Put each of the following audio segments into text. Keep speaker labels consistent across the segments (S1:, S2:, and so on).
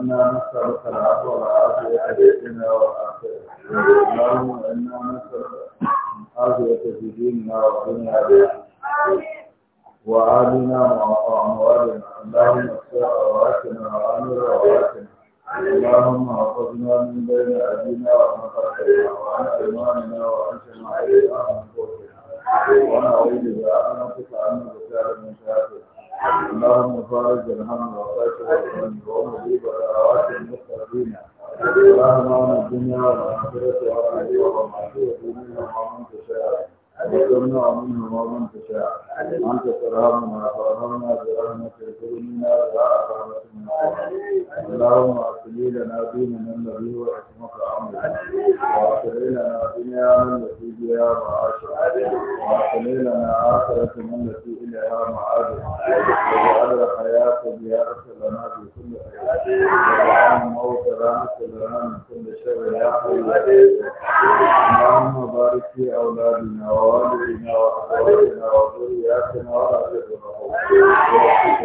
S1: إنا نسألك العفو والعافية بيتنا والآخرة اللهم إنا نسألك العافية في ديننا والدنيا بيتنا وعادنا وأموالنا اللهم اغفر أوقاتنا وأمر أوقاتنا اللهم احفظنا من بين أيدينا ومن خلفنا وعن أيماننا وعن شمائلنا ومن فوقنا وأنا أريد أن نغتال من شاكرنا اللهم فرج الهم وفاشر الهم ومجيب دعوات المستقيم اللهم امن الدنيا والاخره واهلها ومعصيه منها ومن تشاء وارزقنا منه ومن تشاء أنت ترحمنا وارحمنا برحمتك إنا لا رحمتنا اللهم اغفر لنا ديننا الذي هو حكمك أمرنا واغفر لنا دنيانا التي بها معاشنا واغفر لنا آخرتنا التي إليها معادنا واجعل الحياة زيادة لنا في كل خير واجعل الموت راحة لنا من كل شر يا حي اللهم بارك في أولادنا ووالدنا وأخواتنا وذرياتنا ولا تذرهم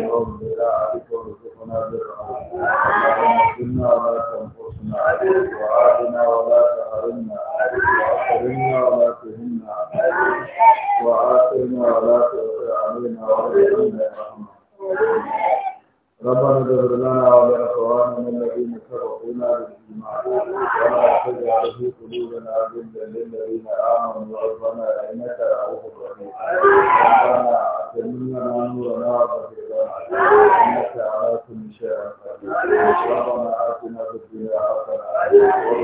S1: ووفقهم بطاعتك وارزقنا برهم اللهم كنا ولا تنقصنا وعادنا ولا تحرمنا وأكرمنا ولا تهنا وآثرنا ولا تؤثر علينا وارزقنا رحمة ربنا اغفر لنا ولاخواننا الذين سبقونا بالايمان ولا تجعل في قلوبنا غلا للذين امنوا ربنا انك رؤوف رحيم ربنا اتمنا نورنا واغفر لنا انك على كل شيء قدير ربنا اتنا في الدنيا حسنه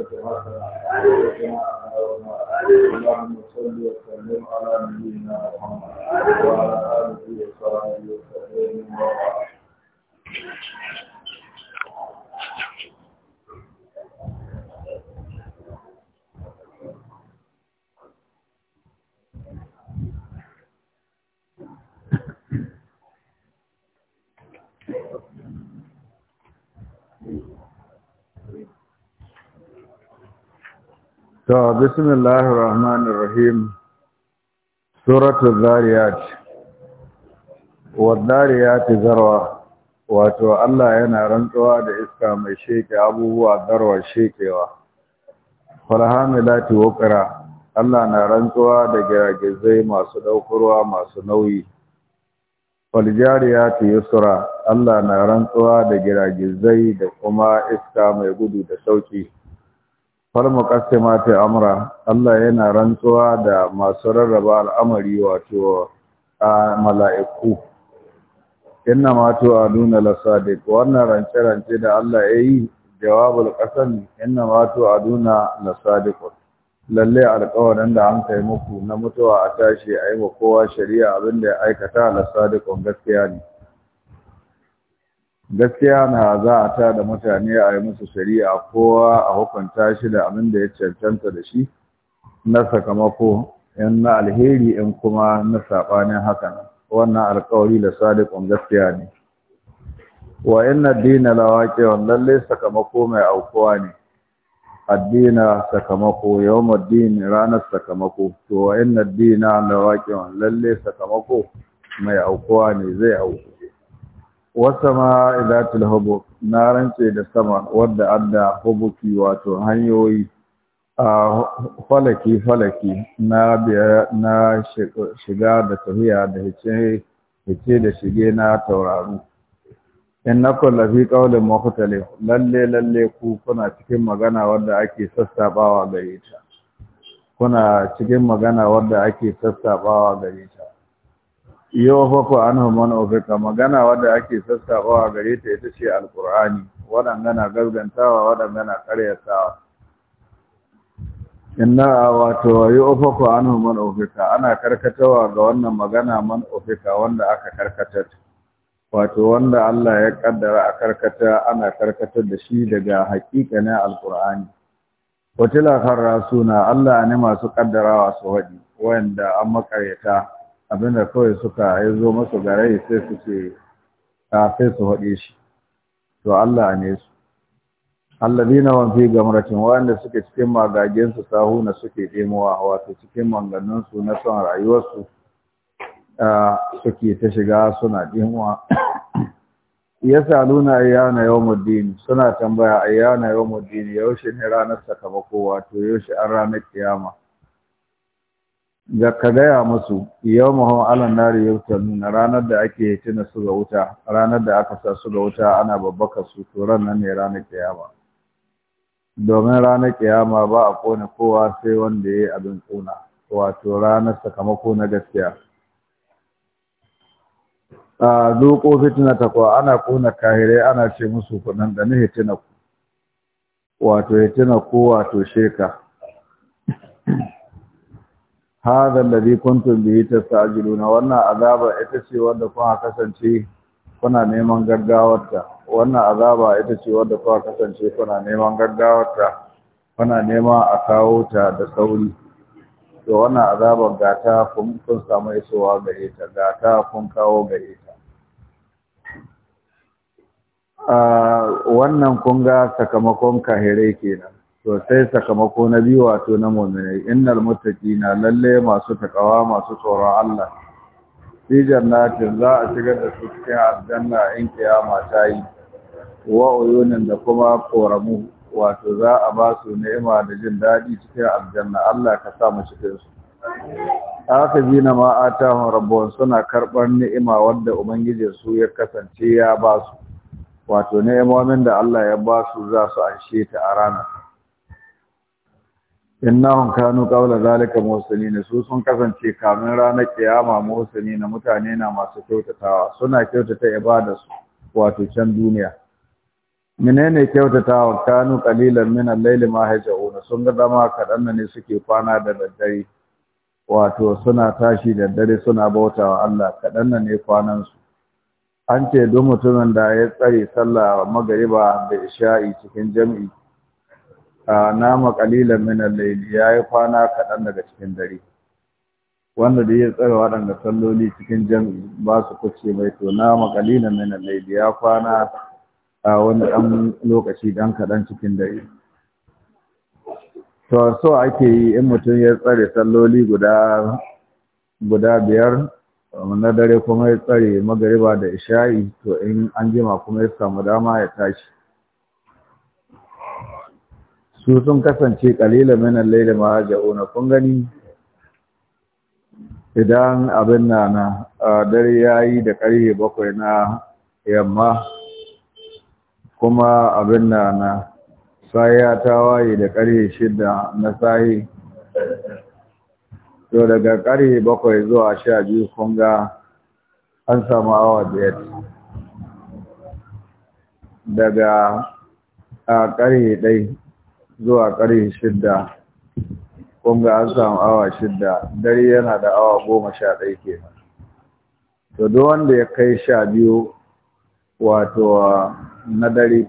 S1: وفي الاخره حسنه وقنا عذاب النار اللهم صل وسلم على نبينا محمد وعلى
S2: بسم الله الرحمن الرحيم سورة الذاريات والذاريات ذروة wato Allah yana rantsuwa da iska mai sheke abubuwa darwar shekewa farhamilati waqra Allah na rantsuwa da giragizai masu ɗaukarwa masu nauyi faljariyati yusra Allah na rantsuwa da giragizai da kuma iska mai gudu da sauƙi. falmu kasimata amra Allah yana rantsuwa da masu rarraba al'amari wato a mala'iku inna ma tu'aduna lasadiq wannan rance rance da Allah yayi jawabul qasam inna ma tu'aduna lasadiq lalle alƙawarin da an kai muku na mutuwa a tashi a yi wa kowa shari'a abinda ya aikata lasadiq gaskiya ne gaskiya na za a ta da mutane a yi musu shari'a kowa a hukunta shi da abin da ya cancanta da shi na sakamako in na alheri in kuma na saɓanin hakan wannan alkawari da sadiqun gaskiya ne wa inna dina lawaqi lalle sakamako mai aukuwa ne addina sakamako yawmad din ranar sakamako to wa inna dina lawaqi lalle sakamako mai aukuwa ne zai auku wasama idatul hobo na rance da sama wadda adda hubuki wato hanyoyi a falaki falaki na biya na shiga da tafiya da hice da shige na taurari. na na fi kaulin mukhtalif lalle lalle ku kuna cikin magana wadda ake sassabawa gare ta kuna cikin magana wadda ake sassabawa gare ta yau an hamman ofika magana wadda ake sassaɓawa gare ta ita ce Alƙur'ani, waɗanda na gasgantawa waɗanda na tawa. inna wato yi ofako an hamman ofika ana karkatawa ga wannan magana man ofika wanda aka karkatar wato wanda Allah ya kaddara a karkata ana karkatar da shi daga haƙiƙanin alkur'ani wata kan rasuna Allah ne masu kaddarawa su haɗi wanda an makaryata abinda kawai suka ya zo masu garai sai su ce sai su haɗe shi to Allah ne su allazina wa fi gamratin wanda suke cikin magagen su huna suke demowa wato cikin manganun su na son rayuwar su suke ta shiga suna demowa yasaluna ayyana yawmuddin suna tambaya ayyana yawmuddin yaushe ne ranar sakamako wato yaushe an ranar kiyama da ka gaya musu yau maho alan nari yau nuna ranar da ake tuna su ga wuta ranar da aka sa su ga wuta ana babbaka su to nan ne ranar kiyama domin ranar kiyama ba a kone kowa sai wanda ya yi abin kona, wato ranar sakamako na gaskiya a zuƙo fitina ta kuwa ana kona kahirai ana ce musu kunan da na hitina ku wato hitina ku wato sheka hadha alladhi kuntum bihi tasta'jiluna wanna azaba ita ce wanda kuka kasance kuna neman gaggawarta wannan azaba ita ce wanda kuka kasance kuna neman gaggawarta kuna nema a kawo ta da sauri to wannan ga gata kun kun samu isowa ga ta gata kun kawo ita ta ah, wannan kun ga sakamakon kahirai kenan to sai sakamako na biyu wato na mu'minai innal muttaqina lalle masu takawa masu tsoron Allah fi jannatin za a shigar da su cikin aljanna in kiyama ta yi wa uyunin da kuma koramu wato za a ba su ni'ima da jin daɗi cikin aljanna Allah ka sa mu cikin su aka bi na ma'ata rabbuwan suna karɓar ni'ima wadda ubangiji su ya kasance ya ba su wato ni'imomin da Allah ya ba su za su anshe ta a ranar innahum kanu qawla zalika musallin su sun kasance kamin ranar kiyama na mutane na masu kyautatawa suna kyautata ibada su wato can duniya menene kyautatawa kanu qalilan min al-layli ma haja'una sun ga dama kadan ne suke kwana da daddare wato suna tashi da dare suna bautawa Allah kadan ne kwanan su an ce duk mutumin da ya tsare sallah magariba da isha'i cikin jami'i nama ƙalilan min al ya yayi kwana kaɗan daga cikin dare wanda da ya tsara waɗanda salloli cikin jan ba su kuce mai to nama ƙalilan min al ya kwana a wani ɗan lokaci dan kaɗan cikin dare to so ake yi in mutum ya tsare salloli guda guda biyar na dare kuma ya tsare magariba da isha'i to in an jima kuma ya samu dama ya tashi su sun kasance kalila minan laila ma hajjauna kun gani idan abin na na dare yayi da karfe bakwai na yamma kuma abin na na saya ta waye da karfe shida na sai to daga karfe bakwai zuwa sha biyu kun ga an samu awa biyar daga a karfe ɗai zuwa ƙarfe shidda kun ga an samu awa shidda dare yana da awa goma sha ɗaya kenan to duk wanda ya kai sha biyu wato na dare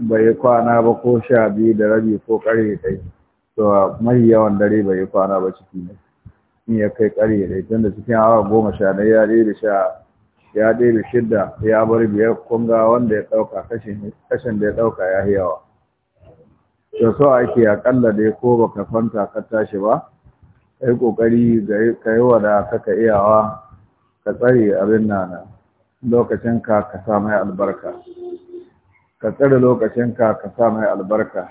S2: bai yi kwana ba ko sha biyu da rabi ko ƙarfe ɗaya to mahi yawan dare bai yi kwana ba ciki ne in ya kai ƙarfe ɗaya tunda cikin awa goma sha ɗaya ya ɗaya da sha ya ɗaya da shidda ya bar biyar kun wanda ya ɗauka kashin da ya ɗauka ya yawa to so ake akalla dai ko baka fanta ka tashi ba kai kokari ka yi wa da kaka iyawa ka tsare abin nan lokacin ka ka sa mai albarka ka tsare lokacin ka ka sa mai albarka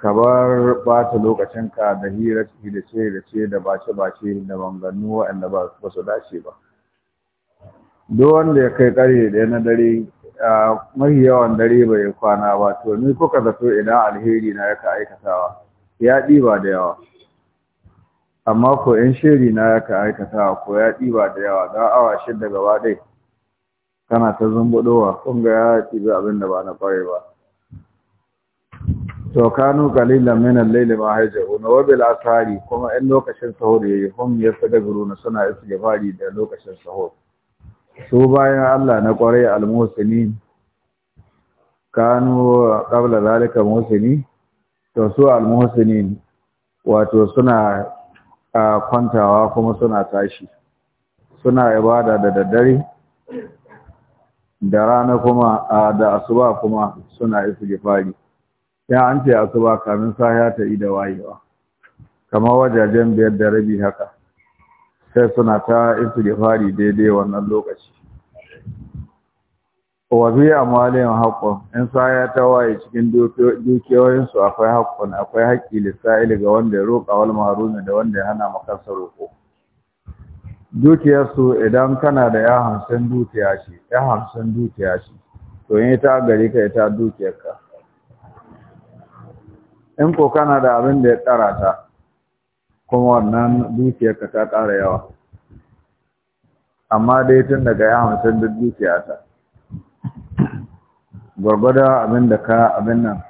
S2: ka bar bata lokacin ka da hira da ce da ce da bace bace da bangannu wa'anda ba su dace ba duk wanda ya kai kare da na dare mai yawan dare bai kwana ba to ni kuka zato idan alheri na yaka aikatawa ya ɗiba da yawa amma ko in shiri na yaka aikatawa ko ya ɗiba da yawa za a awa shidda gaba ɗai kana ta zumbuɗowa kun ga ya ɗibi abin da ba na ƙware ba to kanu qalilan min al-layli ma hajja'un wa bil asari kuma 'yan lokacin sahur yayi hum rona suna istighfari da lokacin sahur su bayan Allah na ƙwarai al-musulmi kanu ƙabla zalika musulmi to su al-musulmi wato suna kwantawa kuma suna tashi suna ibada da daddare da rana kuma da asuba kuma suna istighfari ya an ce asuba kamin ya ta da wayewa kamar wajajen biyar da rabi haka sai suna ta isu istighfari daidai wannan lokaci wa a amwalin haƙon, in saya ta waye cikin dukiyoyinsu akwai haƙon, akwai haƙƙi lisa'il ga wanda ya roƙa wal maharumi da wanda ya hana makarsa roƙo Dukiyarsu su idan kana da ya hamsin dukiya shi ya hamsin dukiya shi to in ita gari ka ita dukiyar ka in ko kana da abin da ya tsara ta kuma wannan dukiyarka ta ƙara yawa amma dai tun daga ya hamsin duk dukiya ta gwargwada abin da ka abin nan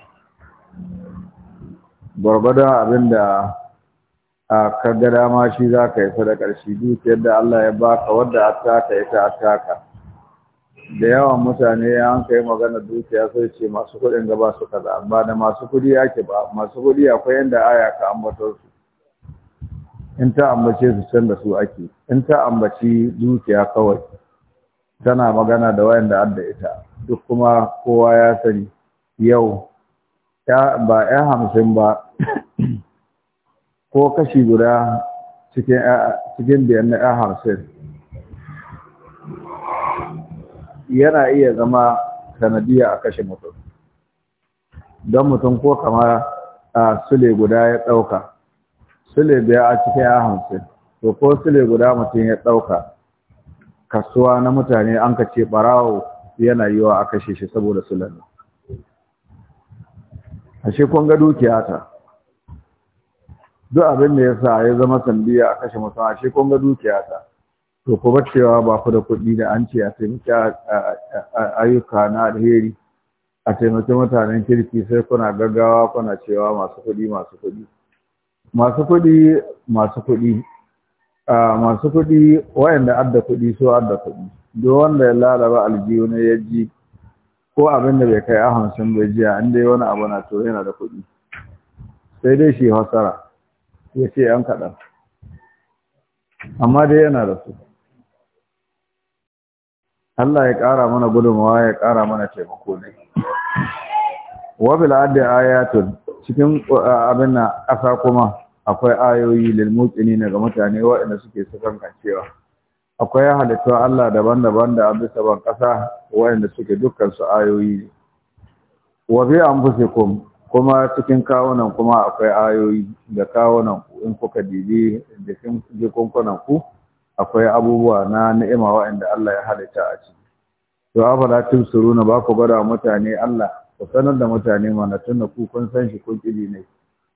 S2: gwargwada abin da a kaga dama shi za ka yi da ƙarshe, dukiyar da Allah ya baka wadda a taka ita a taka da yawan mutane ya an kai magana dukiya sai ce masu kuɗin gaba su kaza ba da masu kuɗi ke ba masu kuɗi akwai yadda aya ka ambato su in ta ambace su can da su ake in ta ambaci dukiya kawai tana magana da wayanda adda ita duk kuma kowa ya sani yau ba ya hamsin ba ko kashi guda cikin biyan na ya hamsin yana iya zama sanadiyya a kashe mutum don mutum ko kamar a sule guda ya ɗauka sule biya a cikin ya hamsin to ko sule guda mutum ya ɗauka kasuwa na mutane an ka ce ɓarawo yana yiwa a kashe shi saboda sule ne ashe kun ga dukiya ta duk abin da ya sa ya zama sandiya a kashe a shi kun ga dukiya ta to ku cewa ba ku da kuɗi da an ce a taimaki ayyuka na alheri a taimaki mutanen kirki sai kuna gaggawa kuna cewa masu kuɗi masu kuɗi masu kuɗi masu kuɗi masu kuɗi wayanda adda kuɗi so adda kuɗi duk wanda ya lalaba aljihu ne ya ji ko abin da bai kai a hamsin bai jiya an dai wani abu na to yana da kuɗi sai dai shi hasara ya ce yan kaɗan amma dai yana da su Allah ya ƙara mana gudunmawa ya ƙara mana taimako ne wabil adda ayatun cikin abin na ƙasa kuma akwai ayoyi lil daga ga mutane waɗanda suke sakankancewa akwai halittun Allah daban-daban da abin saban ƙasa waɗanda suke dukkan su ayoyi wa bi anfusikum kuma cikin kawunan kuma akwai ayoyi da kawunan ku in kuka dibi da kin kunkunan ku akwai abubuwa na ni'ima waɗanda Allah ya halitta a ciki to afala tumsuruna ba ku gwada mutane Allah ku sanar da mutane mana tunda ku kun san shi kun kidi ne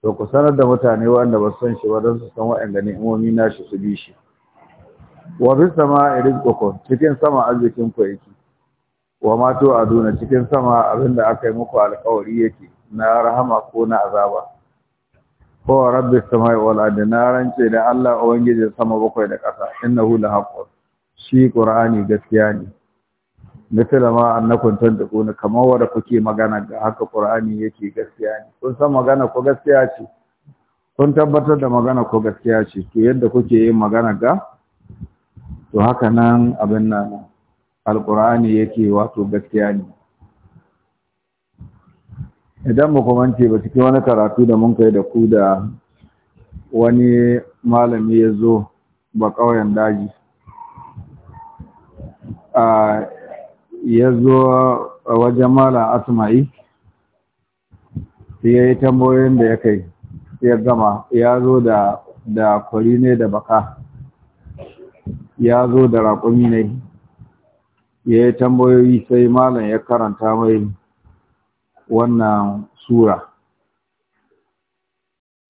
S2: to ku sanar da mutane waɗanda ba san shi ba don su san waɗanda ni'imomi na shi su bi shi wa bi sama rizqukum cikin sama arzikin ku yake wa ma to aduna cikin sama abinda aka yi muku alƙawari yake na rahama ko na azaba ko rabbis samai wal ardi na rance da Allah ubangijin sama bakwai da ƙasa innahu lahaqqun shi qur'ani gaskiya ne mithla ma annakum tantaquna kamar wanda kuke magana ga haka qur'ani yake gaskiya ne kun san magana ko gaskiya ce kun tabbatar da magana ko gaskiya ce to yadda kuke yin magana ga to haka nan abin nan alqur'ani yake wato gaskiya ne idan ba kuma ba cikin wani karatu da mun kai da ku da wani malami ya zo ba ƙauyen daji ya zo a wajen mala asma'i ya yi da ya kai ya gama ya zo da da kwari ne da baka ya zo da raƙumi ne ya yi tambayoyi sai malam ya karanta mai wannan sura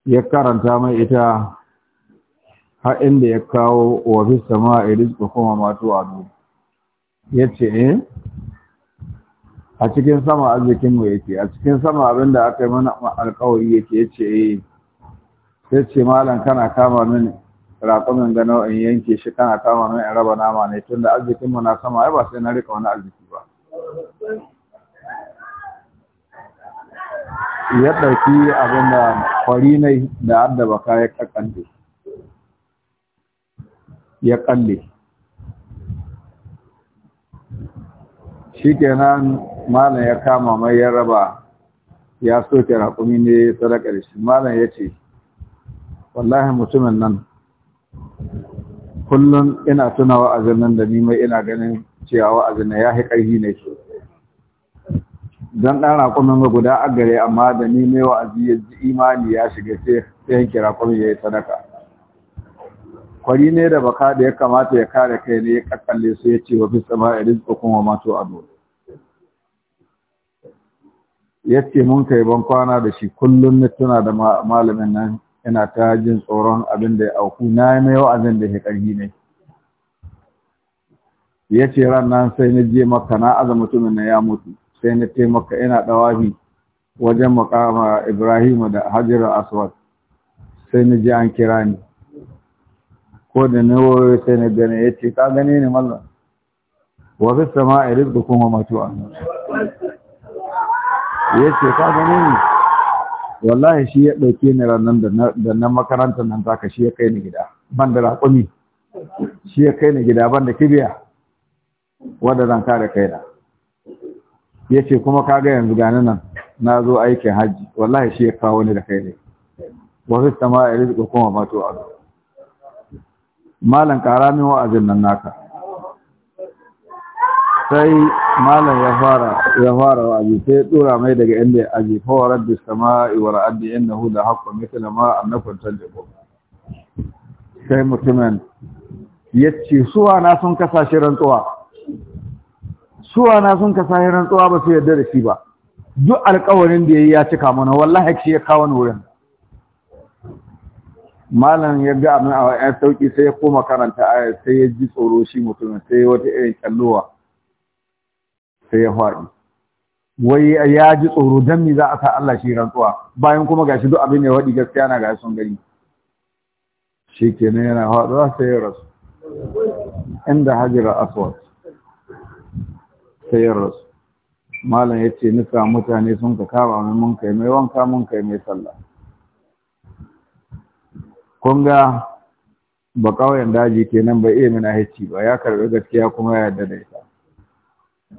S2: ya karanta mai ita ha'in da ya kawo wa fi sama iris kuma matu a duniya ya ce eh, a cikin sama arzikinmu yake a cikin sama abin da aka yi mana alkawari yake ya ce eh. ce malam kana kama min raƙumin gano in yanke shi kana kama min in raba nama ne tunda arzikinmu na sama ai ba sai na rika wani arziki ba ya ɗauki abin da kwari na da addaba ka ya kalle shi malam ya kama mai ya raba ya soke raƙumi ne da shi malam ya ce wallahi mutumin nan kullum ina tuna wa'azin nan da nima ina ganin cewa wa'azin ya yi ƙarfi ne don ɗan raƙumin guda agare amma da ni mai wa'azi ya ji imani ya shiga sai yanki raƙumin ya yi sadaka kwari ne da baka da ya kamata ya kare kai ne ya kakkalle su ya ce wa fi tsama a tsokon kuma mato a dole ya ce mun kai ban kwana da shi kullum na tuna da malamin nan ina ta jin tsoron abin da ya auku na yi mai wa'azin da ya ƙarfi ne ya ce ran nan sai na je maka na aza mutumin na ya mutu sai na taimaka ina ɗawafi wajen makama ibrahim da hajjar aswad sai na je an kira ni ko da nawoyi sai na gane ya ce ka gane ne malla wa fi sama a da kuma matu'a ya ce ka gane ne wallahi shi ya ɗauke ni ranar da na makarantar nan ka shi ya kai ni gida ban da raƙumi shi ya kai ni gida ban da kibiya wadda zan kare na ya ce kuma ka ga yanzu gani nan na zo aikin hajji wallahi shi ya kawo ni da kai ne wasu sama a rizku kuma zuwa malam ƙara min wa'azin nan naka sai malam ya fara ya fara wa'azi sai dora mai daga inda ya aje fa wa rabbi samai wa ra'adi innahu la haqqun mithla ma annakum tadbun sai mutumin yace suwa na sun kasa shi rantsuwa suwa na sun kasa shi rantsuwa ba su yarda da shi ba duk alƙawarin da yayi ya cika mana wallahi shi ya kawo wurin malam ya ga abin a yan sauki sai ya koma karanta ayar sai ya ji tsoro shi mutumin sai wata irin kyallowa sai ya faɗi wai ya ji tsoro don me za a sa Allah shi rantsuwa bayan kuma gashi duk abin ya faɗi gaskiya na ga sun gani shi yana faɗuwa sai ya rasu inda hajjira aswad sai ya rasu malam ya ce nufa mutane sun ka kama mai mun kai mai wanka mun kai mai sallah kun ga ba ƙauyen daji kenan ba iya mina hicci ba ya karɓi gaskiya kuma ya yarda da ita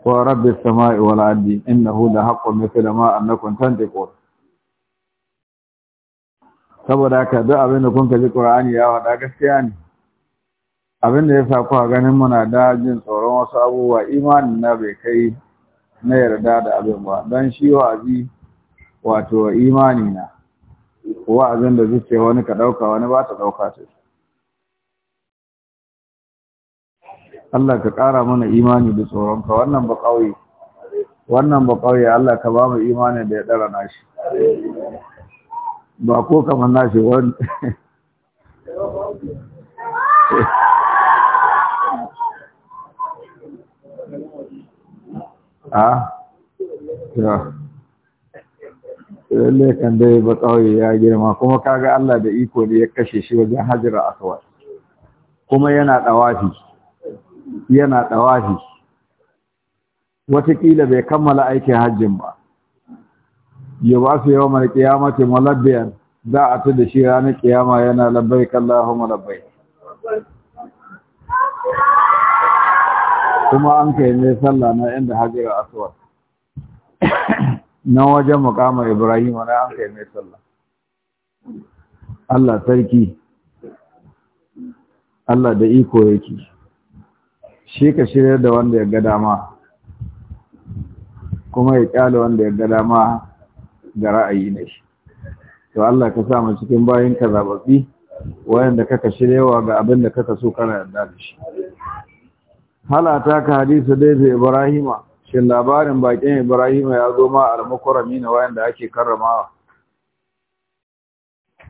S2: ko rabbi sama'i wal ardi innahu la haqqun mithla ma annakum tantiqun saboda haka duk abin da kun ka ji Qur'ani ya faɗa gaskiya ne abin da ya sa kuwa ganin muna da jin tsoron wasu abubuwa imanin na bai kai na yarda da abin ba don shi wa'azi wato imani na wa'azin da zuke wani ka ɗauka wani ba ta ɗauka ta Allah ka ƙara mana imani da tsoronka wannan ba ƙauye wannan ba ƙauye Allah ka ba mu imani da ya ɗara nashi ba ko kamar nashi wani Ah, yeah. lalle kan dai ba kauye ya girma kuma kaga Allah da iko ne ya kashe shi wajen a kawai kuma yana ɗawafi yana ɗawafi watakila bai kammala aikin hajjin ba ya ba su yawan mai kiyamati malabiyar za a ta da shi ranar kiyama yana labbaik Allahumma labbaik kuma an kai ne sallah na inda Hajara kawai nan wajen mukamar Ibrahim na an kai mai sallah Allah sarki Allah da iko yake shi ka shirya da wanda ya ga dama kuma ya kyale wanda ya ga dama ga ra'ayi na shi to Allah ka sa cikin bayan ka zababbi wayanda kaka shirewa ga abin da kaka so kana yarda da shi halata ka hadisa dai da Ibrahima shin labarin bakin Ibrahim ya zo ma al-mukarrami na wayanda ake karramawa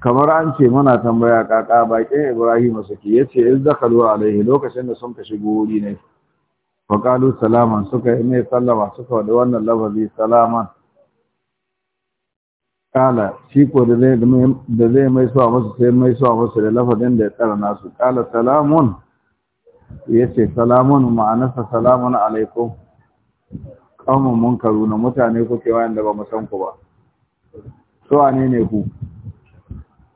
S2: kamar an ce muna tambaya kaka bakin Ibrahim suke yace iz dakalu alaihi lokacin da sun ka shigo wuri ne fa qalu salaman suka yi mai sallama suka wada wannan lafazi salaman kala shi ko da zai da zai mai suwa musu sai mai suwa musu da lafazin da ya tsara nasu kala salamun yace salamun ma'anarsa salamun alaikum ƙaunin munkaru na mutane kuke wayanda ba mu san ku ba su wane ne ku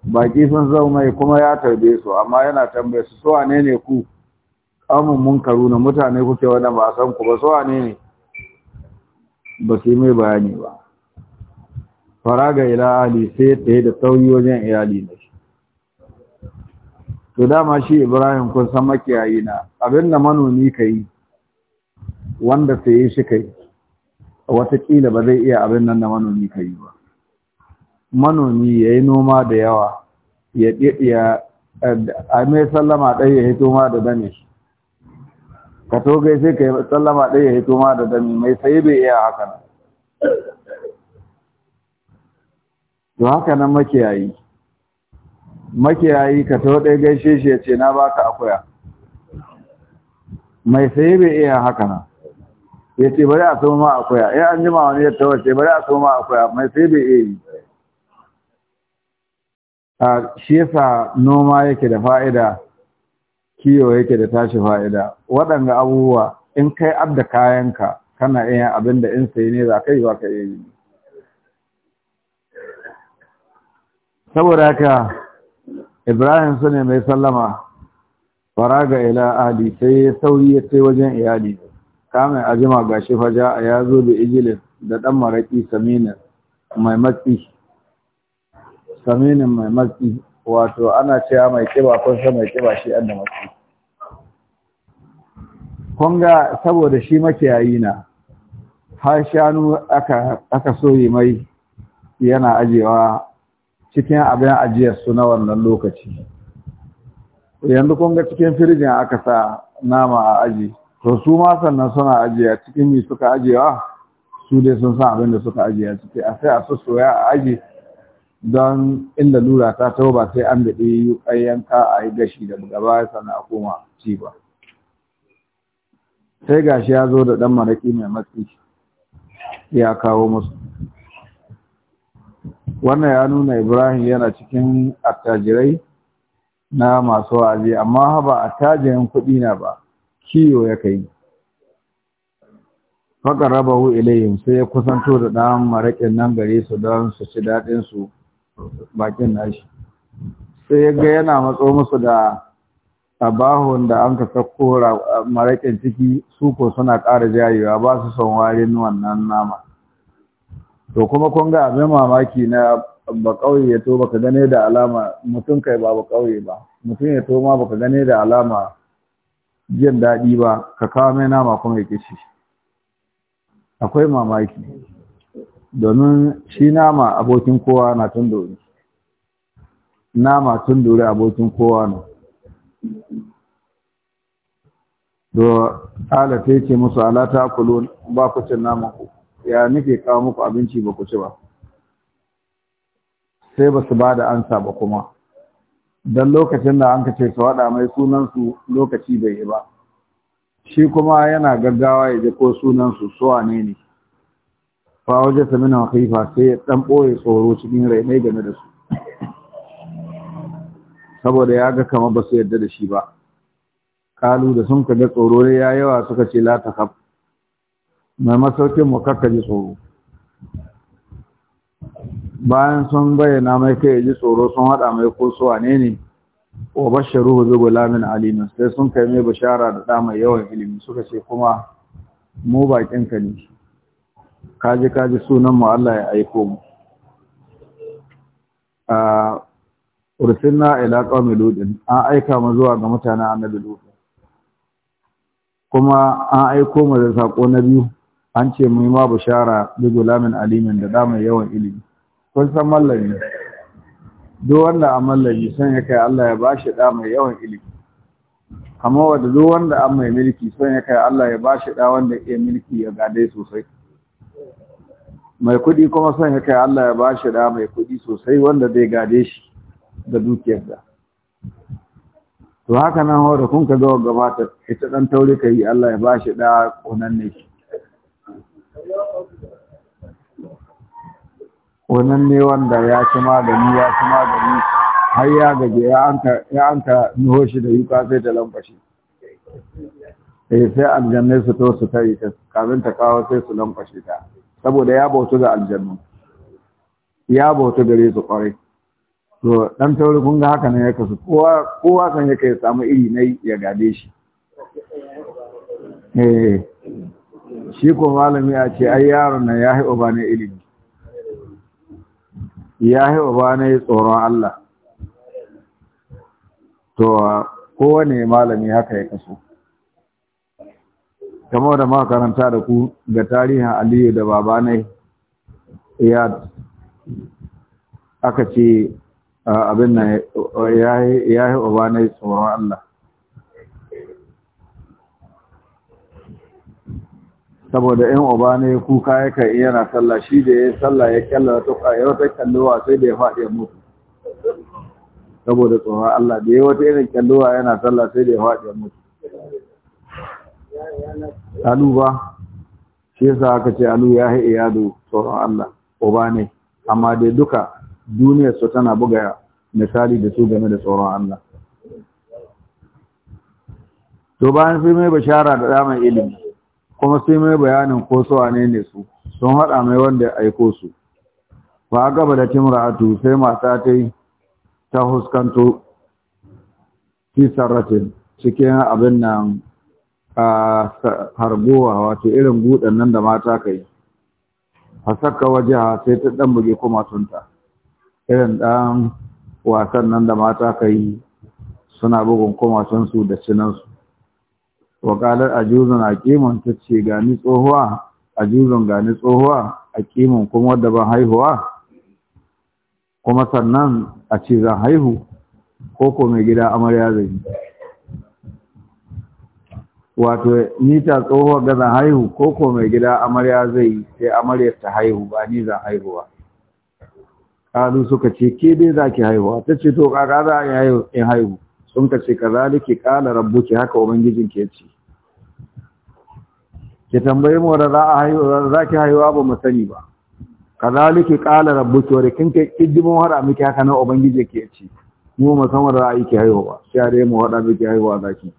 S2: baki sun zau mai kuma ya tarbe su amma yana tambaye su su wane ne ku ƙaunin munkaru na mutane kuke wanda ba san ku ba su wane ne ba su yi mai bayani ba faraga ila ali sai ta yi da sauyi wajen iyali ne to dama shi ibrahim kun san makiyayi na abinda manomi ka yi wanda sai shi kai watakila ba zai iya abin nan da manomi ka yi ba manomi ya yi noma da yawa ya ɗiɗiya a mai sallama ɗaya ya hito ma da dame ka to sai ka yi sallama ɗaya ya hito ma da dame mai sai bai iya haka nan to haka nan makiyayi makiyayi ka to gaishe shi ya ce na baka akuya mai sai bai iya haka nan ya ce bari a soma akwai ya an jima wani ya tawar ce bari a soma akwai mai sai bai iya yi a shi yasa noma yake da fa'ida kiyo yake da tashi fa'ida waɗanga abubuwa in kai abda kayanka kana iya abin da in sai ne za ka yi ba ka iya yi saboda haka ibrahim su ne mai sallama ga ila adi sai sauri ya ce wajen iyali kamin a jima ga shi faja ya zo da ijilin da ɗan maraƙi saminin mai matsi saminin mai matsi wato ana cewa mai kiba kunsa mai kiba shi an da matsi kunga saboda shi makiyayi na har shanu aka yi mai yana ajewa cikin abin ajiyarsu na wannan lokaci yanzu kunga cikin firjin aka sa nama a aji to su ma sannan suna ajiya cikin mi suka ajiyewa su dai sun san abin da suka ajiya ciki a sai a soya a aji don inda lura ta tau ba sai an daɗe a yanka a yi gashi da gaba sannan a koma ci ba sai gashi ya zo da ɗan maraƙi mai matsi ya kawo musu wannan ya nuna ibrahim yana cikin attajirai na masu wa'azi amma ba attajirin kuɗi na ba kiyo ya kai raba hu ilayhim sai ya kusanto da ɗan maraƙin nan gare su don su ci daɗin su bakin nashi sai ya ga yana matso musu da tabahun da an ka sako maraƙin ciki su ko suna ƙara jayewa ba su son warin wannan nama to kuma kun ga abin mamaki na ba ƙauye ya to baka gane da alama mutum kai ba ba ƙauye ba mutum ya to ma baka gane da alama jin daɗi ba ka kawo mai nama kuma ya kishi akwai mamaki domin shi nama abokin kowa na tun dori nama tun dori abokin kowa na do ala ta musu alata kulu ba ku cin nama ku ya nake kawo muku abinci ba ku ci ba sai ba su ba da ansa ba kuma don lokacin da an ka ce su haɗa mai sunansu lokaci bai yi ba shi kuma yana gaggawa ya ji ko sunansu su wane ne fa waje ta mina haifa sai ya ɗan ɓoye tsoro cikin rainai game da su saboda ya ga kama ba su yarda da shi ba kalu da sun kaga tsoro ne ya yawa suka ce la mai masaukin mu kakka ji tsoro bayan sun bayyana mai kai ji tsoro sun haɗa mai ko su wane ne wa basharuhu bi gulamin alimin sai sun kai mai bishara da ɗa mai yawan ilimi suka ce kuma mu bakin ka ne kaji kaji sunan mu Allah ya aiko mu a ursilna ila qaumi ludin an aika mu zuwa ga mutanen annabi ludin kuma an aiko mu da sako na biyu an ce mu yi ma bishara bi gulamin alimin da ɗa mai yawan ilimi kun san mallami duk wanda a mallami son ya kai Allah ya bashi da mai yawan ilimi amma wanda duk wanda an mai milki son ya kai Allah ya bashi da wanda ya milki ya gade sosai mai kudi kuma son ya kai Allah ya bashi da mai kudi sosai wanda zai gade shi da dukiyarsa to haka nan hau da kun ka ga gabata ita dan taure kai Allah ya bashi da kunan ne ne wanda ya ci magani ya ci magani har ya gaje ya an ka nuho shi da yuka sai ta lambashi eh sai aljannai su to su tare ta kafin ta kawo sai su lambashi ta saboda ya bautu ga aljannu ya bautu gare su kwarai to dan tauri kun ga haka ne ya kasu kowa kowa kan yake ya samu iri nai ya gade shi eh shi ko malami ya ce ai yaron nan ya haifa ba ne ilimi ya yi na yi tsoron Allah to kowane malami haka ya kaso kama da makaranta da ku ga tarihin aliyu da babanai ya aka ce abin na ya yi na yi tsoron Allah saboda in uba ne kuka yake yana sallah shi da ya sallah ya kalla ta ya wata kallowa sai da ya faɗi ya mutu saboda tsoron Allah da ya wata irin kyallowa yana sallah sai da ya faɗi ya mutu alu ba shi yasa aka ce alu ya haɗe do tsoron Allah uba ne amma dai duka duniyar su tana buga misali da su game da tsoron Allah to bayan sai mai bashara da damar ilimi kuma sai mai bayanin ko su wane ne su sun haɗa mai wanda ya aiko su ba gaba da timra'atu sai mata ta yi ta huskanto fisar sarratin cikin abin nan a harbowa wato irin buɗan nan da mata ka yi a saka waje ha sai ta ɗan buge kumatunta irin ɗan wasan nan da mata ka yi suna bugun sunsu da cinansu a qalat a aqimun ta ce gani tsohuwa ajuzun ga ni tsohuwa aqimun kuma wadda ban haihuwa kuma sannan a ce zan haihu ko ko mai gida amarya zai yi. wato ni ta tsohuwar ga zan haihu ko ko mai gida amarya zai yi, sai amaryar ta haihu ba ni zan haihuwa kalu suka ce ke dai za ki haihuwa ta ce to ƙaƙa za yi haihu sun ka ce kazalike qala rabbuki haka ubangijin ke ce ki tambaye mu da za a haihu ki haihuwa ba mu sani ba kazalike kala rabbuki wa kin kai kidimo har miki haka na ubangiji ke ce mu mu san wanda yi ki haihuwa sai a dai mu wada miki haihuwa zaki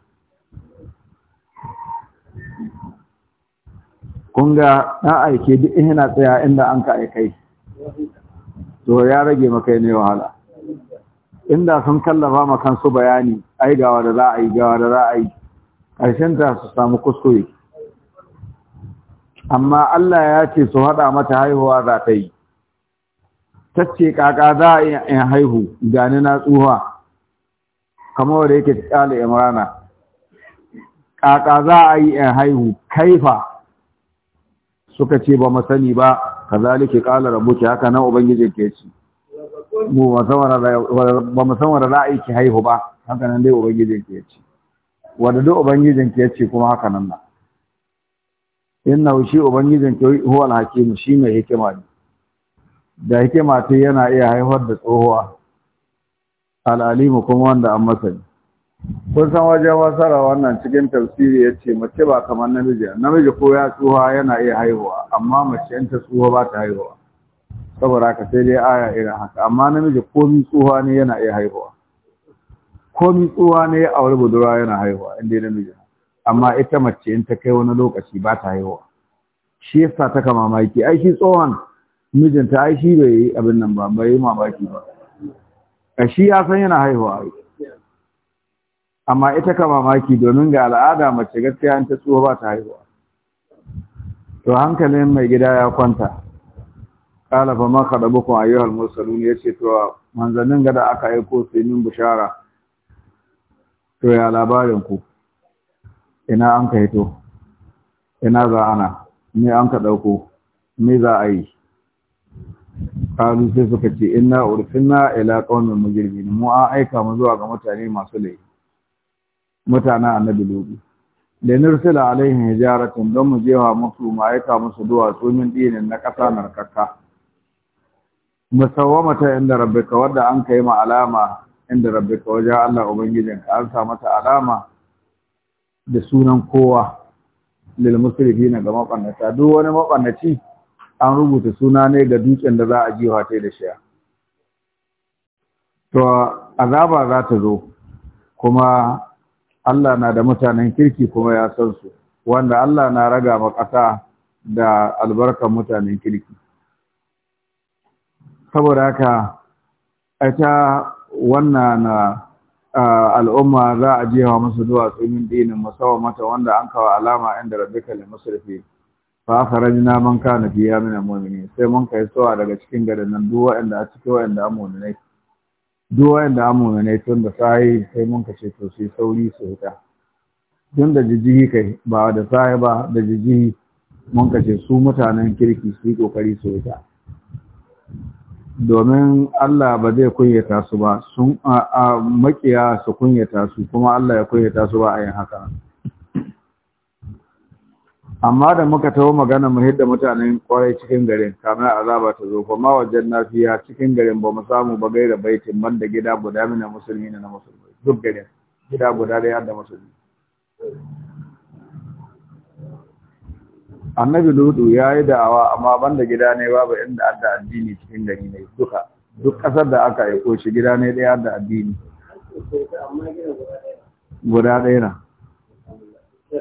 S2: kun ga na aike duk ina tsaya inda an ka aikai to ya rage maka ne wahala inda sun kallafa ma kansu bayani ai gawa da za a yi gawa da za a yi ƙarshen ta su samu kuskure amma Allah ya ce su haɗa mata haihuwa za ta yi tacce kaka za a yi haihu gani na tsuha kamar wanda yake tsala imrana kaka za a yi haihu kaifa suka ce ba mu sani ba kazalika qala rabbuka haka nan Ubangiji ke ce ba mu san wanda za a yi ki haihu ba haka nan dai ubangijinki ya ce wanda duk ubangijinki ya ce kuma haka nan na inna shi ubangijinki huwal hakimu shi mai hikima ne da hikima ta yana iya haifar da tsohuwa al'alimu kuma wanda an masani kun san wajen wasara wannan cikin tafsiri ya ce mace ba kamar namiji namiji ko ya tsuha yana iya haihuwa amma mace in ta tsuha ba ta haihuwa saboda haka sai dai aya irin haka amma namiji komi tsuwa ne yana iya haihuwa komi tsuwa ne ya aure budurwa yana haihuwa inda namiji amma ita mace in ta kai wani lokaci ba ta haihuwa shi yasa ta kama mamaki ai shi tsohon mijinta ai shi bai yi abin nan ba bai yi mamaki ba a shi ya san yana haihuwa amma ita ka mamaki domin ga al'ada mace gaskiya in ta tsuwa ba ta haihuwa to hankalin mai gida ya kwanta kala fa ma khadabukum ayyuhal mursalun yace to manzannin ga da aka aiko su min bishara to ya labarin ku ina an ka hito ina za ana me an ka dauko me za a yi kalu sai suka ce inna na ila qaumin mujrimin mu an aika mu zuwa ga mutane masu laifi mutanen annabi lobi da nursila alaihim hijaratan don mu jewa musu mu aika musu duwatsu min dinin na ƙasa narkaka ta inda rabbika wadda an kai ma alama inda rabbika wajen Allah ka an sa mata alama da sunan kowa lil musrifina ga mabannata duk wani mabannaci an rubuta suna ne ga dutsen da za a jiwa ta da shi to azaba za ta zo kuma Allah na da mutanen kirki kuma ya san su wanda Allah na raga ma ƙasa da albarkar mutanen kirki saboda haka ta wannan al'umma za a jewa masu duwatsu min dinin musamman mata wanda an kawo alama inda rabbika Ba a fa akhrajna man kana fiha min al-mu'minin sai mun kai tsawa daga cikin garin nan duk inda a cikin wanda duwa inda an amunai tun da sai sai mun kashe to sai sauri su hita tun da jijigi kai ba da sahi ba da jijigi mun kashe su mutanen kirki su yi kokari su hita domin Allah ba zai kunyata su ba sun a makiya su kunyata su kuma Allah ya kunyata su ba a yin haka amma da muka taho magana mu hidda mutanen kwarai cikin garin kamar azaba ta zo kuma wajen nafiya cikin garin ba mu samu ba gaira baitin da gida guda mina musulmi na musulmi duk garin gida guda da yadda musulmi annabi ludu ya yi da'awa amma banda
S1: gida ne babu inda adda
S2: addini cikin gari ne duka duk kasar da aka aiko shi gida ne ɗaya adda addini guda ɗaya na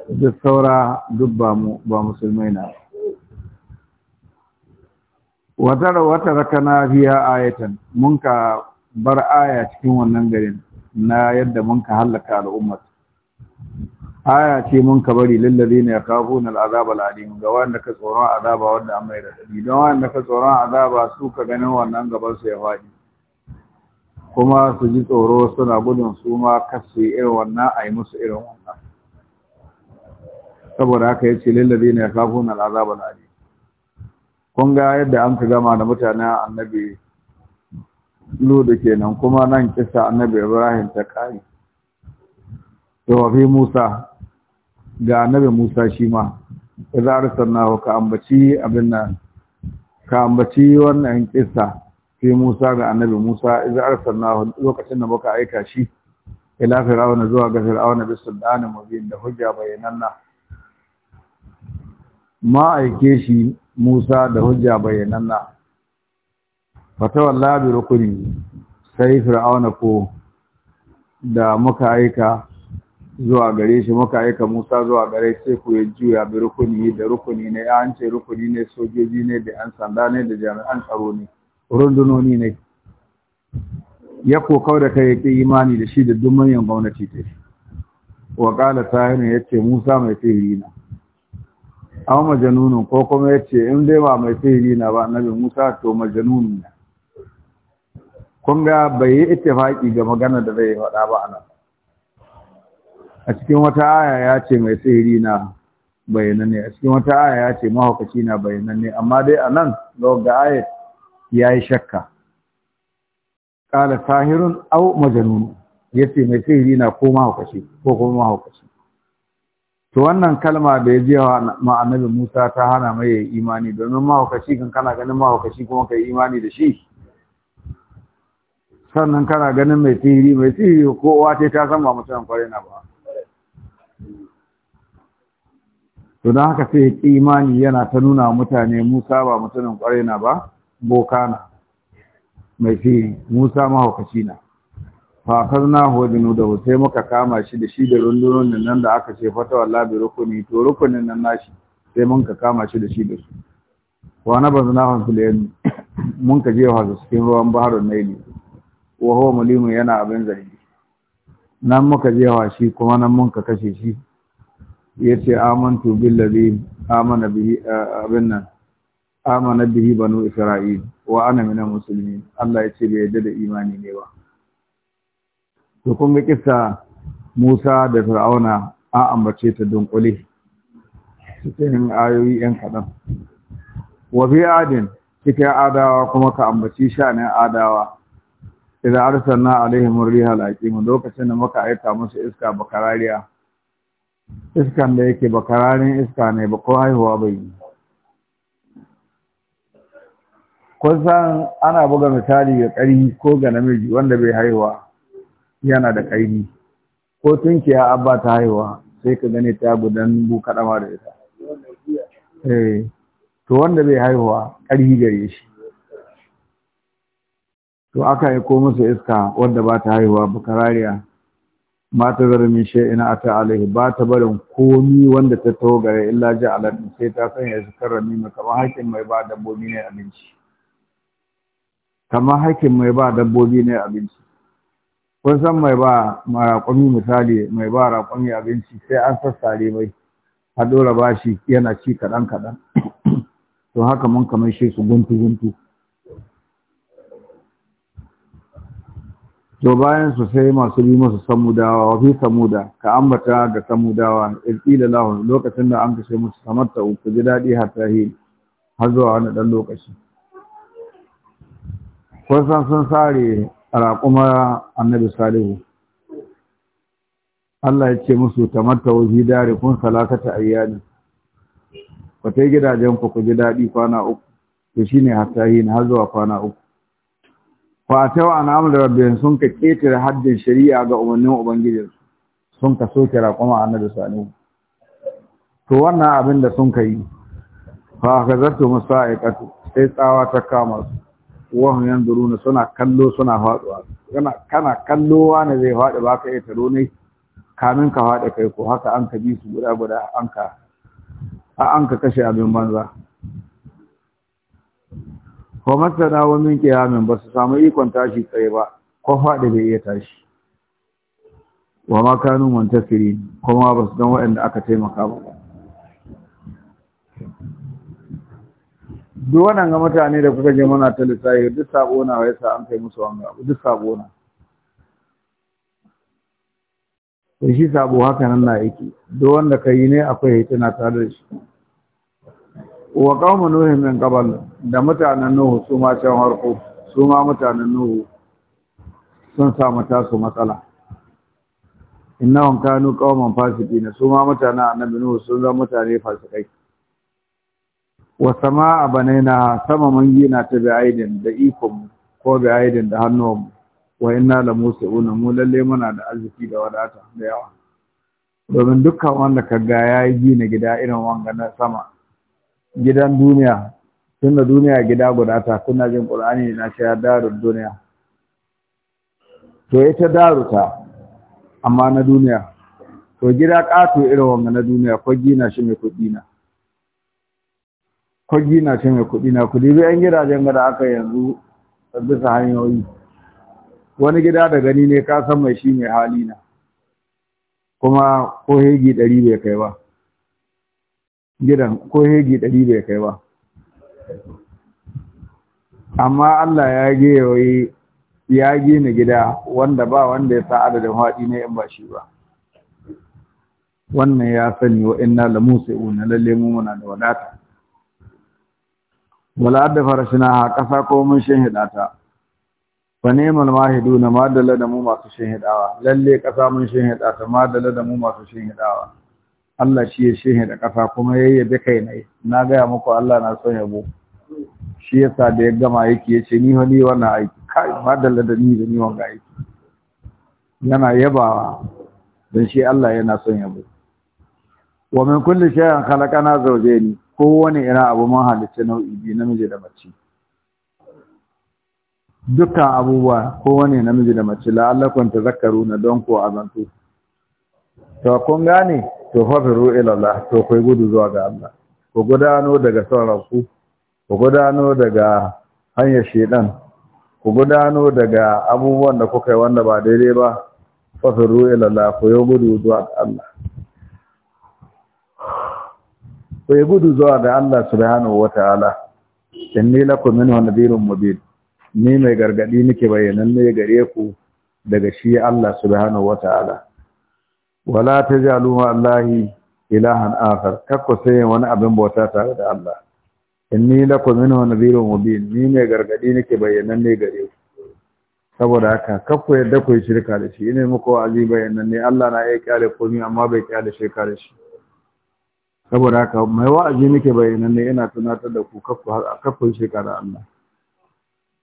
S2: duk saura duk ba musulmai na wata wata rakana biya ayatan mun ka bar aya cikin wannan garin na yadda mun ka hallaka al'ummar aya ce mun ka bari lillazina yakhafuna al'azab al'alim ga wanda ka tsoron azaba wanda an mai radadi don wanda ka tsoron azaba su ka ganin wannan gaban su ya faɗi kuma su ji tsoro suna gudun su ma kasu irin wannan a yi musu irin wannan saboda haka ya ce lillazina yakhafuna al'azab al'alim kun ga yadda an ka gama da mutanen annabi da kenan kuma nan kisa annabi Ibrahim ta kare tawafi Musa ga nabi Musa shi ma idza arsalnahu ka ambaci abin nan ka ambaci wannan kissa fi Musa ga nabi Musa na arsalnahu lokacin da muka aika shi ila fir'auna zuwa ga fir'auna bi sultanin
S1: mubin da hujja bayananna
S2: ma aike shi Musa da hujja bayananna fatawalla bi rukuni sai fir'auna ko da muka aika zuwa gare shi muka aika Musa zuwa gare sai ku ya juya bi rukuni da rukuni ne an ce rukuni ne sojoji ne da an sanda ne da jami'an tsaro ne rundunoni ne ya kokau da kai yake imani da shi da duk manyan gwamnati ta shi wa qala tahir yace Musa mai sihiri na aw majanunun ko kuma yace in dai ba mai sihiri na ba annabi Musa to majanunun kun ga bai yi ittifaki ga magana da zai faɗa ba anan a cikin wata aya ya ce mai sihiri na bayananne a cikin wata aya ya ce mahaukaci na bayananne amma dai a nan ga ayat ya yi shakka ƙala sahirun au majanunu ya ce mai sihiri na ko mahaukaci ko kuma mahaukaci to wannan kalma da ya ji ma annabi Musa ta hana mai yayi imani domin mahaukaci kan kana ganin mahaukaci kuma ka yi imani da shi sannan kana ganin mai sihiri mai sihiri ko uwa ta san ba mutum kwarai na ba to don haka sai imani yana ta nuna mutane musa ba mutumin kwarai na ba boka na mai fi musa mahaukaci na fafar na hodinu da sai muka kama shi da shi da rundunonin nan da aka ce fata walla bi rukuni to rukunin nan nashi sai mun ka kama shi da shi da su wa na hansu da yanzu mun ka je hazu cikin ruwan baharun naili wa huwa mulimu yana abin zargi nan muka je shi kuma nan mun ka kashe shi Ya ce amantu billazi amana bihi abin nan amana bihi banu isra'il wa ana minal Allah ce bai yadda da imani ne ba to kun ga Musa da Fir'auna a ambace ta dunkule cikin ayoyi yan kadan wa bi adin cikin adawa kuma ka ambaci shanin adawa idan arsalna alaihim rihal aqim lokacin da muka aika musu iska bakarariya iskan da yake ba kararin iska ne ba ko haihuwa bai yi kusan ana buga misali ga ƙari ko ga namiji wanda bai haihuwa yana da ƙari ko tunkiya abba ta haihuwa sai ka gane ta gudan ɗama da ita eh, to wanda bai haihuwa ƙari gare shi to aka yi ko musu iska wanda ba ta haihuwa bukarariya ma ta zara min ina ata alaihi ba ta barin komi wanda ta taho gare illa ji alatin sai ta sanya shi da mai kamar hakin mai ba dabbobi ne abinci kama hakin mai ba dabbobi ne abinci kun san mai ba raƙumi misali mai ba raƙumi abinci
S1: sai an sassare
S2: mai a ɗora bashi yana ci kaɗan kaɗan to haka mun kamar shi su guntu guntu to bayan su sai masu bi musu samudawa wa fi samuda ka ambata da samudawa da lahu lokacin da an kashe musu samatta uku ji dadi har tahi har zuwa wani dan lokaci kun sun sare raƙuma annabi salihu Allah ya ce musu tamatta wa fi dare kun salatata ayyani ku tai gidajen ku ku ji dadi kwana uku to shine hatta hi har zuwa kwana uku fatawa an amur rabbin sun ka ƙetare haddin shari'a ga umarnin ubangijinsu sun ka soke a annabi sani to wannan abin da sun ka yi fa ka zartu musa'iqatu sai tsawa ta kama su wahun na suna kallo suna faɗuwa kana kana kallowa ne zai faɗi ba ka iya taro ne kamin ka faɗi kai ko haka an ka bi su guda guda an ka an ka kashe abin banza fa masana wa min ba su samu ikon tashi tsaye ba ko faɗi bai iya tashi wa ma kanu muntasiri kuma ba su dan waɗanda aka taimaka ba duk ga mutane da kuka je muna ta lissafi duk sabo na wai sa an kai musu wanga duk sabo na to shi sabo haka nan na yake duk wanda kai ne akwai hitina tare da shi wa qaumun nuhin min qabl da mutanen nuhu su ma can harko su ma mutanen nuhu sun samu tasu matsala innahum kanu qauman fasiqina su ma mutanen annabi nuhu sun zama mutane fasikai wa samaa banaina sama mun gina ta bi aidin da ikon ko bi aidin da hannuwan wa inna la una mu lalle muna da arziki da wadata da yawa domin dukkan wanda ka ga yayi gina gida irin wanga na sama gidan duniya tun da duniya gida guda ta kuna jin ƙulani na ya daru duniya to ita daruta amma na duniya to gida ƙato irin wanga na duniya kogi na shi mai kuɗi na kogi na shi mai kuɗi na kuɗi bayan gidajen gada aka yanzu bisa hanyoyi wani gida da gani ne ka san mai shi mai hali na kuma ko hegi ɗari bai kai ba gidan ko hegi ɗari bai kai ba amma Allah ya gewaye ya gina gida wanda ba wanda ya sa adadin haɗi na yan ba shi ba wannan ya sani wa inna la un lalle mu muna da wadata wala da farashina ha kasa ko mun shin hidata fa nemal mahiduna madalla da mu masu shin hidawa lalle kasa mun shin hidata madalla da mu masu shin hidawa Allah shi ya shehe da ƙasa kuma ya yayyabe kai na yi, na gaya muku Allah na son yabo shi ya sa da ya gama yake ya ce ni wani wannan aiki kai madalla da ni da ni ga aiki yana yabawa don shi Allah yana son yabo wa min kulli shay'in khalaqana zawjayn kowane irin abu mun halitta nau'i biyu namiji da mace dukkan abubuwa kowane namiji da mace la'allakum tazakkaruna don ko azantu to kun gane to hafiru ilala to kai gudu zuwa ga Allah ku gudano daga sauransu, ku gudano daga hanyar shedan ku gudano daga abubuwan da kuka yi wanda ba daidai ba hafiru ilala ku yi gudu zuwa ga Allah ku yi gudu zuwa ga Allah subhanahu wataala inni lakum minhu nadirun mubin ni mai gargadi nake bayanan ne gare ku daga shi Allah subhanahu wataala wala ta ji ma allahi ilahan afar kakko sai wani abin bauta tare da Allah In ni inni lakum minhu mu mubin ni ne gargadi nake bayyanan ne gare ku saboda haka kakko yadda ku yi shirka da shi ina muku wa'azi bayyanan ne Allah na iya kyale komai amma bai kyale shirka da shi saboda haka mai wa'azi nake bayyanan ne ina tunatar da ku kakko har kakko shirka da Allah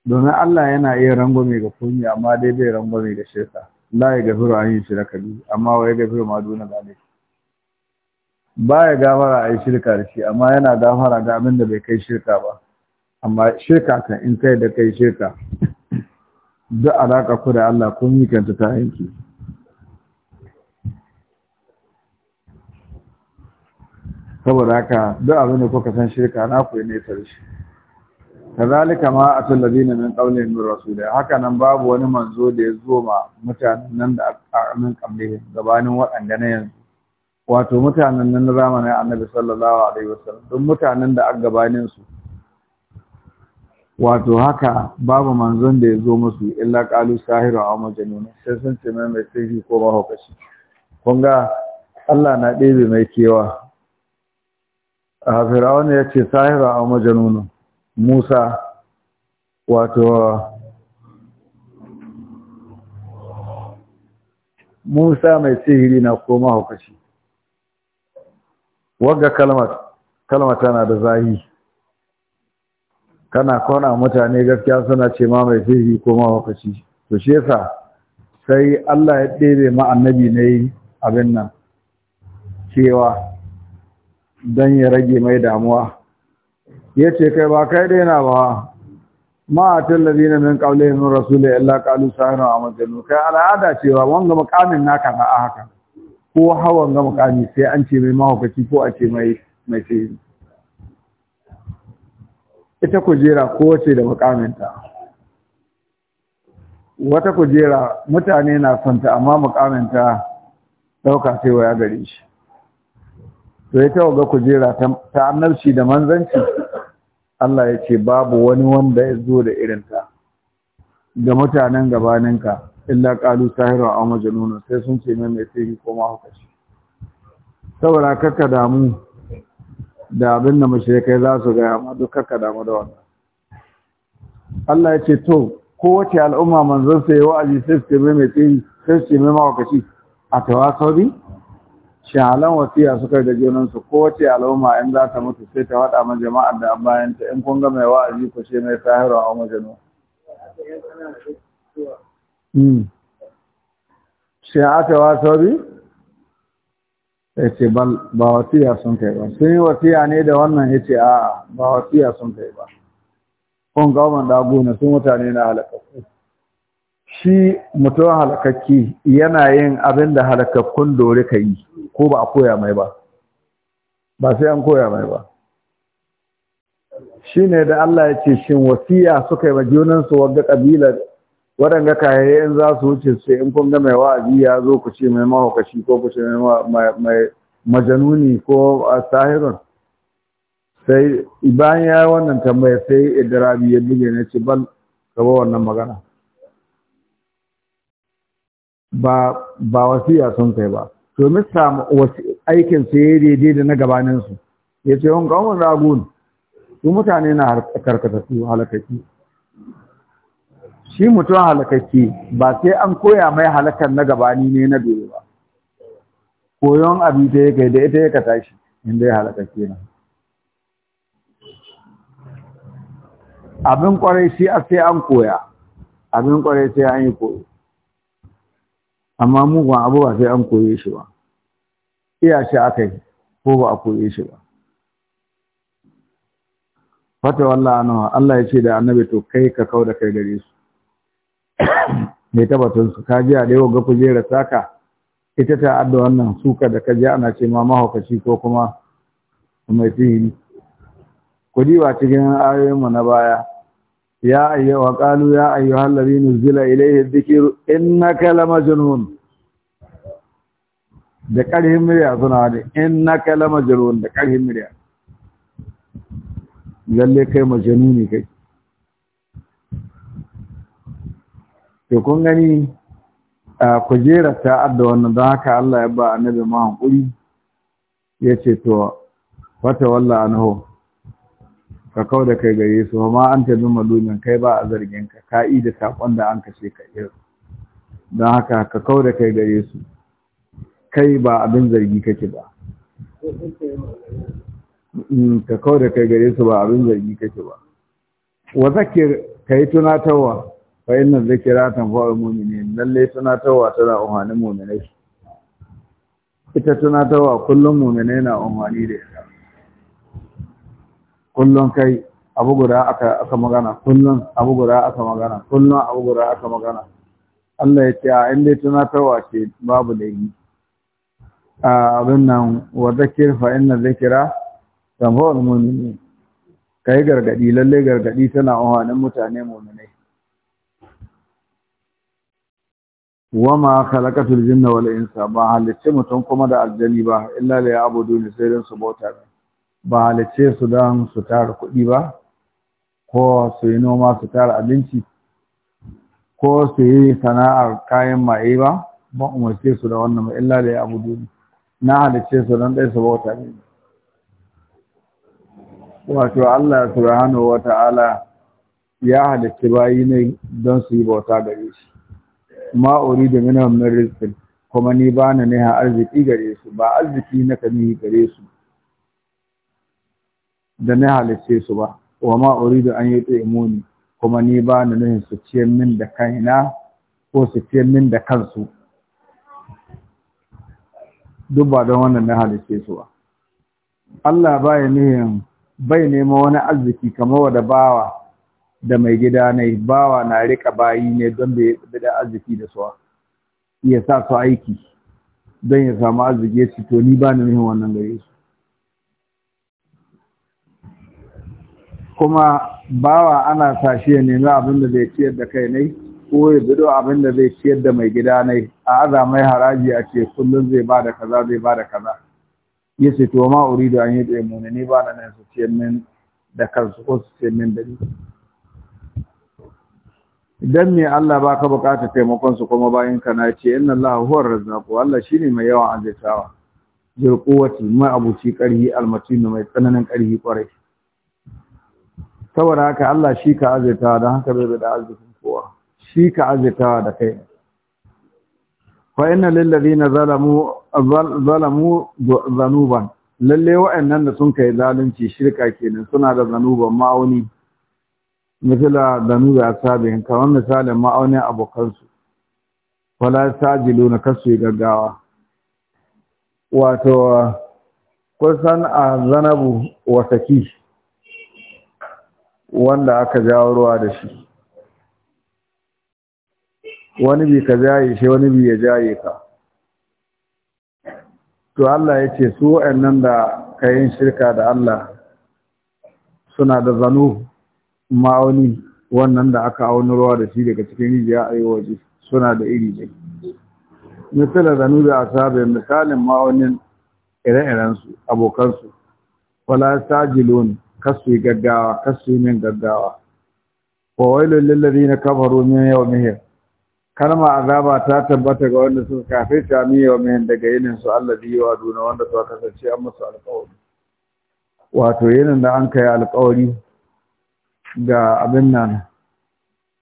S2: domin Allah yana iya rangwame ga komai amma dai bai rangwame ga shirka la ya gafiru an yi shirka bi amma wa ya ma ma duna zalik ba ya gafara a yi shirka da shi amma yana gafara ga abin da bai kai shirka ba amma shirka kan in kai da kai shirka duk alaka ku da Allah kun yi kanta ta yanki saboda haka duk abin da kuka san shirka na ku ne nesa shi kazalika ma atul ladina min ƙaunin min rasul haka nan babu wani manzo da ya zo ma mutanen nan da amin kamle gabanin waɗanda na yanzu wato mutanen nan na zamanin annabi sallallahu alaihi wasallam duk mutanen da aka gabanin su wato haka babu manzon da ya zo musu illa qalu sahiru aw majnun
S1: sai sun ce mai mai sirri ko mahaukaci
S2: kun ga Allah na ɗebe mai kewa a firawun ya ce sahiru aw majnun Musa wato Musa mai sihiri na koma hukashi wagga kalmar kalmar tana da zahi kana kona mutane gaskiya suna ce ma mai sihiri koma hukashi to shi yasa sai Allah ya ɗebe ma annabi ne abin nan cewa dan ya rage mai damuwa ya ce kai ba kai daina ba ma a tallabi na min da min rasulu illa ƙalu sa'ina a majanu kai al'ada cewa wanga makamin naka na a haka ko hawan ga makami sai an ce mai mahaukaci ko a ce mai mace ita kujera kowace da makaminta wata kujera mutane na santa amma ta ɗauka sai waya gare shi to ita waga kujera ta annabci da manzanci Allah ya ce babu wani wanda ya zo da irinta ga mutanen gabaninka illa qalu sahiru aw majnun sai sun ce mai mai sirri ko ma haka shi saboda kakka damu da abin da mushrikai za su ga amma duk kakka damu da wannan Allah ya ce to kowace al'umma manzon sai wa'azi sai su ce mai mai sirri sai su ce mai ma haka shi a shahalan wasiya suka yi da junansu, su kowace al'umma in za ta mutu sai ta waɗa ma jama'ar da bayan ta in kun ga mai wa'azi
S1: ku ce mai sahiru a majanu
S2: mm a ta wasa sauri ya ce ba wasiya sun kai ba sun yi wasiya ne da wannan ya ce a ba wasiya sun kai ba kun ga wannan na sun mutane na halakakku shi mutum halakakki yana yin abin da halakakkun dore ka yi ko ba a koya mai ba ba sai an koya mai ba shi ne da Allah ya ce shin wasiya suka yi majiyoninsu wadda ƙabilar waɗanda kayayyar za su wuce su in kun ga mai wa'azi ya zo ku ce mai mahaukaci ko ku ce mai majanuni ko sahirun sai bayan ya yi wannan tambaya sai idirabi ya buge na ce bal gaba wannan magana ba ba wasiya sun kai ba to mista aikin su ya daidai da na gabanin su ya ce wani kawon ragun su mutane na karkata su halakaki shi mutum halakaki ba sai an koya mai halakar na gabani ne na dole ba koyon abin da ya kai da ita ya ka tashi inda ya halakaki na abin kwarai shi a sai an koya abin kwarai sai an yi koyo amma mugun abu ba sai an koye shi ba iya shi aka yi ko ba a koye shi ba fata wallah anawa Allah ya ce da annabi to kai ka kau da kai gare su mai tabbatun su ka ji a da ga kujerar saka ita ta adda wannan suka da ka ji ana ce ma mahaukaci ko kuma mai sihiri ku diba cikin ayoyinmu na baya ya ayyuha qalu ya ayyuha allazi nuzila ilayhi dhikru innaka lamajnun da ƙarhin murya suna da innaka lamajnun da ƙarhin murya lalle kai majnuni kai to kun gani kujerar ta adda wannan don haka Allah ya ba annabi ma hankuri ya ce to wata walla anhu ka kawo da kai gare su ma an ta zama malumin kai ba a zargin ka ka yi da sakon da an kashe ka irin don haka ka kawo da kai gare su kai ba abin zargi kake ba mm, ka kawo da kai gare su ba abin zargi kake ba wa zakir ka yi tunatarwa fa inna zikira tanfa'ul mu'minin lalle tunatarwa tana umarnin mu'minai ita tunatarwa kullum mu'minai na umarni da kullum kai abu guda aka magana kullum abu guda aka magana kullum abu guda aka magana Allah ya ce a inda tunatarwa ce babu da yi a abin nan wa zakir fa inna zikira tamfawar ka kai gargadi lalle gargadi tana ohanin mutane mu'minai wama khalaqatul jinna wal insa ba halicci mutum kuma da aljani ba illa la ya'budu ni sai dan su bauta ne ba halice su don su tara kuɗi ba ko su yi noma su tara abinci ko su yi sana'ar kayan maye ba ba umarce su da wannan illa da ya abu duni na halice su don ɗaya su bauta ne wato Allah subhanahu wata ala ya halice bayi ne don su yi bauta gare shi ma uridu minhum min rizqin kuma ni bana ne ha arziki gare su ba arziki na yi gare su da na halice su ba wa ma uridu an yi imuni kuma ni ba na nuhin su ciyar min da kaina ko su ciyar min da kansu duk ba don wannan na halice su ba Allah ba ya nuhin bai nema wani arziki kamar wada bawa da mai gida na yi. bawa na rika bayi ne don bai da arziki da suwa iya sa su aiki don ya samu arziki ya ci to ni ba na nuhin wannan gare su kuma bawa ana sashi ya nemi abin da zai ciyar da kai ne ko ya bido abin da zai ciyar da mai gida ne a aza mai haraji a ce kullum zai ba da kaza zai ba da kaza ya ce to ma da an yi tsaye muni ni ba na nan su ciyar min da kansu ko su ciyar min da ni idan me Allah ba ka bukata taimakon su kuma bayan ka na ce inna Allah huwar razzaqu Allah shine mai yawan azzatawa jirkuwati mai abuci karhi almatinu mai tsananin karhi kwarai saboda haka Allah shi ka azirta don haka bai da arzikin kowa shi ka azirta da kai fa inna lil na zalamu zalamu zanuban lalle wa'annan da sun kai zalunci shirka kenan suna da zanuban ma'auni misala zanubi asabin kamar misalin ma'aunin abokansu wala sajilu na kasu gaggawa wato kusan a zanabu wasaki wanda aka jawo ruwa da shi wani bi ka jaye shi wani bi ya jaye ka to Allah ya ce su wa'annan da kayan shirka da Allah suna da zanu ma'auni wannan da aka auni ruwa da shi daga cikin rijiya a yi waje suna da iri ne misalar zanu da asabe misalin ma'aunin ire-irensu abokansu wala sajilun kasu gaggawa kasu min gaggawa wa wailul lil ladina kafaru min yawmihim kalma azaba ta tabbata ga wanda suka kafirta min yawmihim daga yinin su wa duna wanda suka kasance an musu alƙawari wato yinin da an kai alƙawari ga abin nan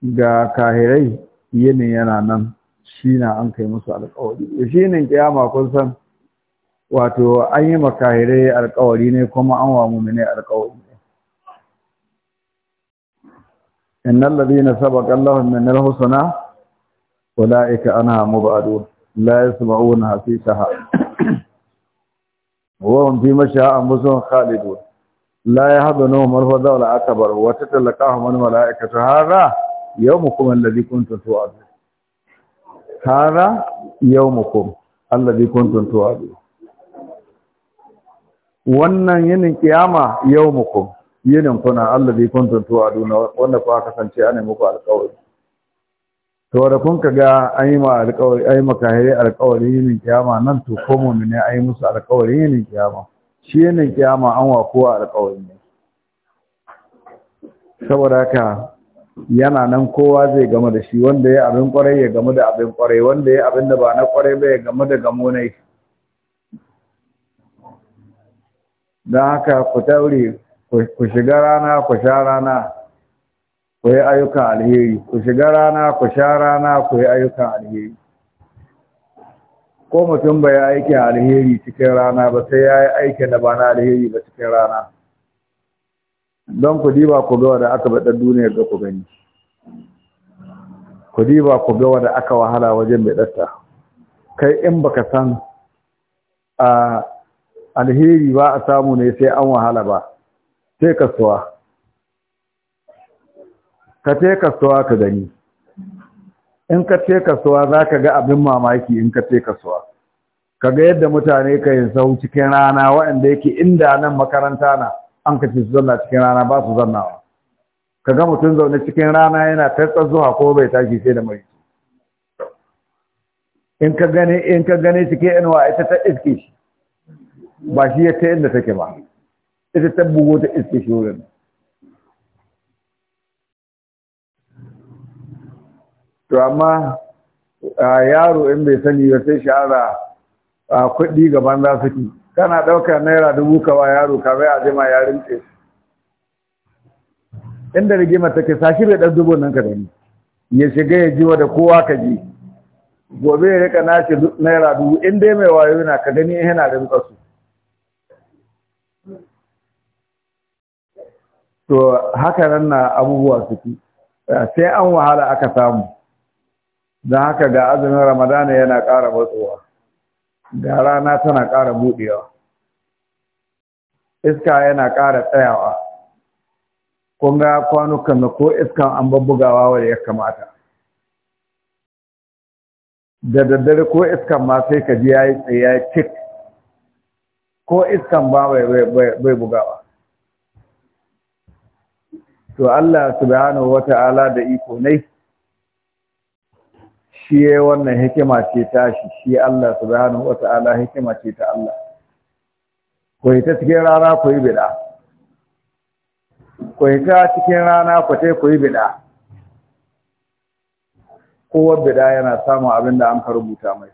S2: ga kahirai yinin yana nan shi na an kai musu alƙawari shi ne kiyama kun san wato an yi makahirai alƙawari ne kuma an wa mummune alƙawari inna ladina sabaqa lahum min al-husna ulaika anha mubadun la yasma'una hasitaha wa hum fi masha'an musun khalidun la yahdunuhum al-fadha wal akbar wa tatalaqahum al-malaikatu hadha yawmukum alladhi kuntum tu'adun wannan yinin kiyama yawmukum yinin kuna allazi tuntuwa duna wanda kuwa kasance ana muku alkawari. to da kun kaga yi ma alƙawari yi makahiri alkawari yinin kiyama nan to ko mu'mini yi musu alkawari yinin kiyama shi yinin kiyama an wa kowa alkawari ne saboda haka yana nan kowa zai game da shi wanda ya abin kwarai ya game da abin kwarai wanda ya abin da ba na kwarai ba ya game da gamo ne don haka ku taure ku shiga rana ku sha rana ku yi ayyukan alheri ku shiga rana ku sha rana ku yi ayyuka alheri ko mutum bai yi aiki alheri cikin rana ba sai ya yi aiki da ba na alheri ba cikin rana don ku diba ku ga wanda aka baɗa duniyar ga ku gani ku diba ku ga wanda aka wahala wajen ɗasta. kai in baka san a alheri ba a samu ne sai an wahala ba sai kasuwa ka te ka gani in ka te suwa za ka ga abin mamaki in ka te suwa ka ga yadda mutane ka yi sau cikin rana waɗanda yake inda nan makaranta na an ka ce su zanna cikin rana ba su zannawa ka ga mutum zaune cikin rana yana tattar zuwa ko bai tashi sai da mai in ka gani in ka gani cikin inuwa ita ta iske shi ba shi ya ta inda take ba ita ta bugo ta iske shi to amma yaro in bai sani ba sai shahara a kuɗi gaban za su ki kana ɗaukar naira dubu kawa yaro ka bai a jima ya rinke inda mata ke sashi bai ɗan dubu nan ka da ni ya shiga ya jiwa da kowa ka ji gobe ya rika nace naira dubu in dai mai wayo na ka gani yana da su to haka nan na abubuwa suke eh, sai an wahala aka samu don haka ga azumin ramadana yana ƙara matsowa ga rana tana ƙara buɗewa iska yana ƙara tsayawa kun ga kwanukan na ko iskan an babbugawa wadda ya kamata da daddare ko iskan ma sai ka ji ya yi tsaye ya cik ko iskan ba bai bugawa to Allah subhanahu wata'ala da iko ne shi wannan hikima ce ta shi shi Allah subhanahu wata'ala hikima ce ta Allah ko ita cikin rana ko yi bida ko ita cikin rana ko ta ko yi bida kowar bida yana samun abin da an ka rubuta mai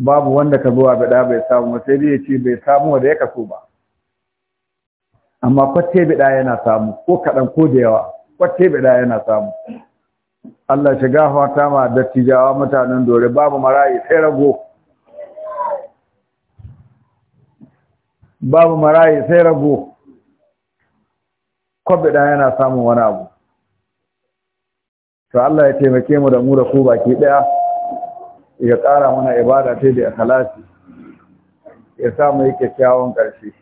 S2: babu wanda ka zo a bida bai samu sai dai ya bai samu wanda ya kaso ba amma kwatte bida yana samu ko kaɗan ko da yawa kwatte bida yana samu Allah shiga fata ma dattijawa mutanen dore babu marayi sai rago babu marayi sai rago bida yana samun wani abu to Allah ya taimake mu da mu da ku baki daya ya ƙara mana ibada ta da ikhlasi ya sa mu yi kyakkyawan ƙarshe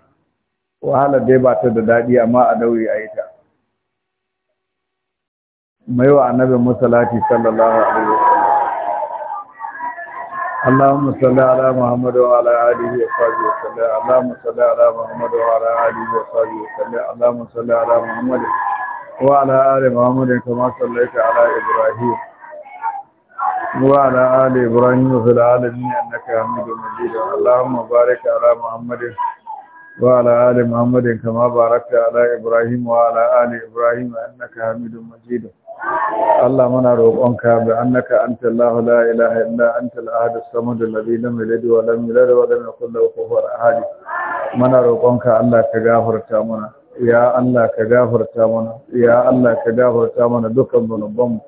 S2: wahalar dai ba ta da daɗi amma a nauyi a yi ta mai wa annabi musalati sallallahu alaihi اللهم صل على محمد
S1: وعلى اله وصحبه وسلم اللهم صل على محمد وعلى اله وصحبه وسلم اللهم صل على محمد
S2: وعلى ال محمد كما
S1: صليت على ابراهيم
S2: وعلى آل إبراهيم وفي العالمين
S1: أنك حميد مجيد اللهم بارك على محمد
S2: وعلى آل محمد كما باركت
S1: على إبراهيم وعلى آل إبراهيم أنك حميد مجيد
S3: اللهم
S2: نروقك بأنك أنت الله لا إله إلا أنت الأحد الصمد الذي لم يلد ولم يولد ولم يكن له كفوا أحد من روقك الله كغفرت منا يا الله كغفرت منا يا الله كغفرت منا
S1: دكان ذنوبنا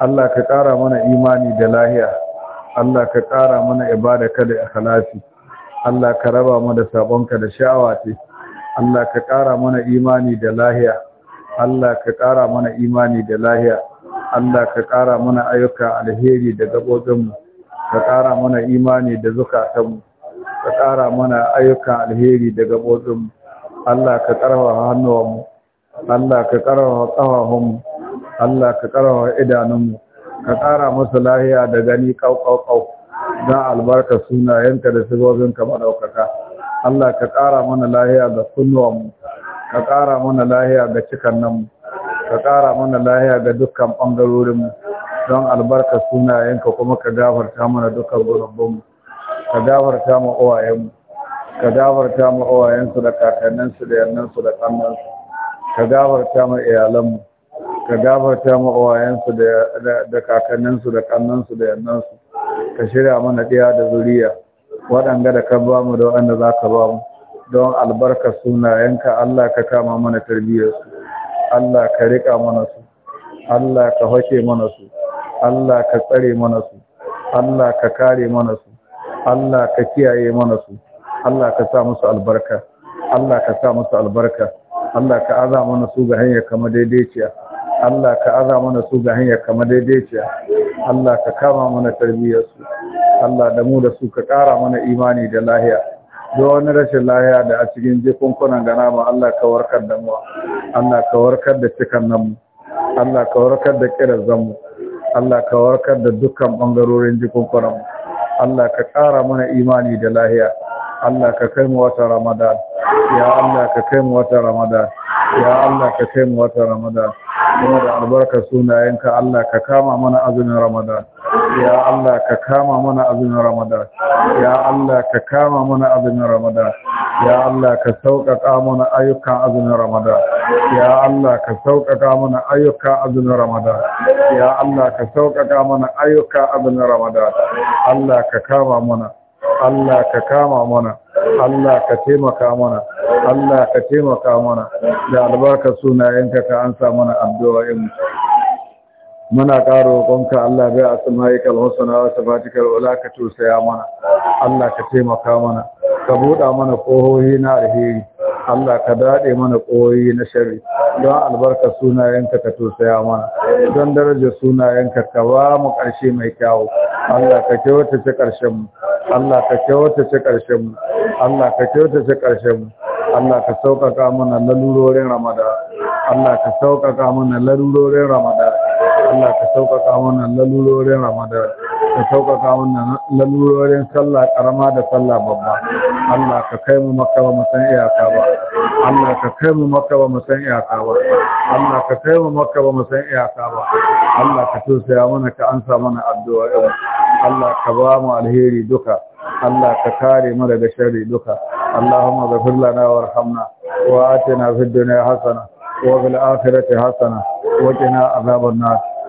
S2: Allah ka ƙara mana imani da lahiya Allah ka ƙara mana ibada ka da ikhlasi Allah ka raba mu da sabonka da sha'awa Allah ka ƙara mana imani da lahiya Allah ka ƙara mana imani da lahiya Allah ka ƙara mana ayyuka alheri da gabobinmu ka ƙara mana imani da zukatanmu ka ƙara mana ayyuka alheri da gabobinmu Allah ka ƙarfafa hannuwanmu Allah ka ƙarfafa ƙafafunmu Allah ka karawa idanunmu ka ƙara musu lahiya da gani
S1: ƙauƙauƙau
S2: don albarka sunayenka da ka maɗaukaka Allah ka ƙara mana lahiya ga kunnuwanmu ka ƙara mana lahiya ga cikannanmu ka ƙara mana lahiya ga dukkan ɓangarorinmu don albarka sunayenka kuma ka gafarta mana dukkan gurabbanmu ka gafarta ma uwayenmu ka gafarta ma uwayensu da kakanninsu da yannansu da ƙannansu ka gafarta ma iyalanmu ka gafarta ma'uwayensu da kakanninsu da kannansu da yannansu ka shirya mana ɗiya da zuriya waɗanda da ka ba mu da waɗanda za ka ba mu don albarka sunayenka Allah ka kama mana tarbiyyarsu Allah ka riƙa mana su Allah ka hoke mana su Allah ka tsare mana su Allah ka kare mana su Allah ka kiyaye mana su Allah ka sa musu albarka Allah ka sa musu albarka Allah ka aza mana su ga hanyar kama daidaiciya Allah ka aza mana su ga hanyar kama daidaiciya Allah ka kama mana su. Allah da mu da su ka ƙara mana imani da lahiya da wani rashin lahiya da a cikin jikunkunan gana ma Allah ka warkar da mu Allah ka warkar da cikan nan mu Allah ka warkar da kirazan mu Allah ka warkar da dukkan bangarorin jikunkunan mu Allah ka ƙara mana imani da lahiya Allah ka kai mu wata Ramadan ya Allah ka kai mu wata Ramadan ya Allah ka kai mu wata Ramadan kuma da albarka sunayenka Allah ka kama mana azumin Ramadan ya Allah ka kama mana azumin Ramadan ya Allah ka kama mana azumin Ramadan ya Allah ka sauƙaƙa mana ayyukan azumin Ramadan ya Allah ka sauƙaƙa mana ayyukan azumin Ramadan ya Allah ka sauƙaƙa mana ayyukan azumin Ramadan Allah ka kama mana Allah ka kama mana Allah ka taimaka mana Allah ka taimaka mana da albarka sunayenka ka ansa mana addu'o'in muna ƙara roƙonka Allah bai asma'ikal husna wa sifatikal ula ka tusaya mana Allah ka taimaka mana ka buɗa mana ƙohohi na alheri Allah ka daɗe mana ƙoyi na shari don albarka sunayenka ka tosaya mana don daraja sunayenka ka ba mu ƙarshe mai kyawu Allah ka kyautace ƙarshen mu Allah ka kyautace ƙarshen mu Allah ka kyautace ƙarshen mu Allah ka sauƙaƙa mana lalurorin Ramadan Allah ka sauƙaƙa mana lalurorin Ramadan Allah ka sauƙaƙa mana lalurorin Ramadan ka sauƙaƙa wannan lalurorin sallah ƙarama da sallah babba Allah ka kai mu maka ba san iyaka ba
S1: Allah ka kai mu maka ba san iyaka ba Allah ka kai mu maka ba san iyaka ba Allah ka tosaya mana ka ansa mana addu'a irin. Allah ka ba mu
S2: alheri duka Allah ka kare mu daga sharri duka Allahumma ghfir lana warhamna wa atina fid dunya hasana wa fil akhirati hasana wa qina adhaban nar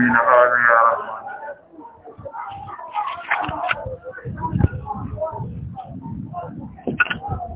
S1: العالمين آمين يا رحمن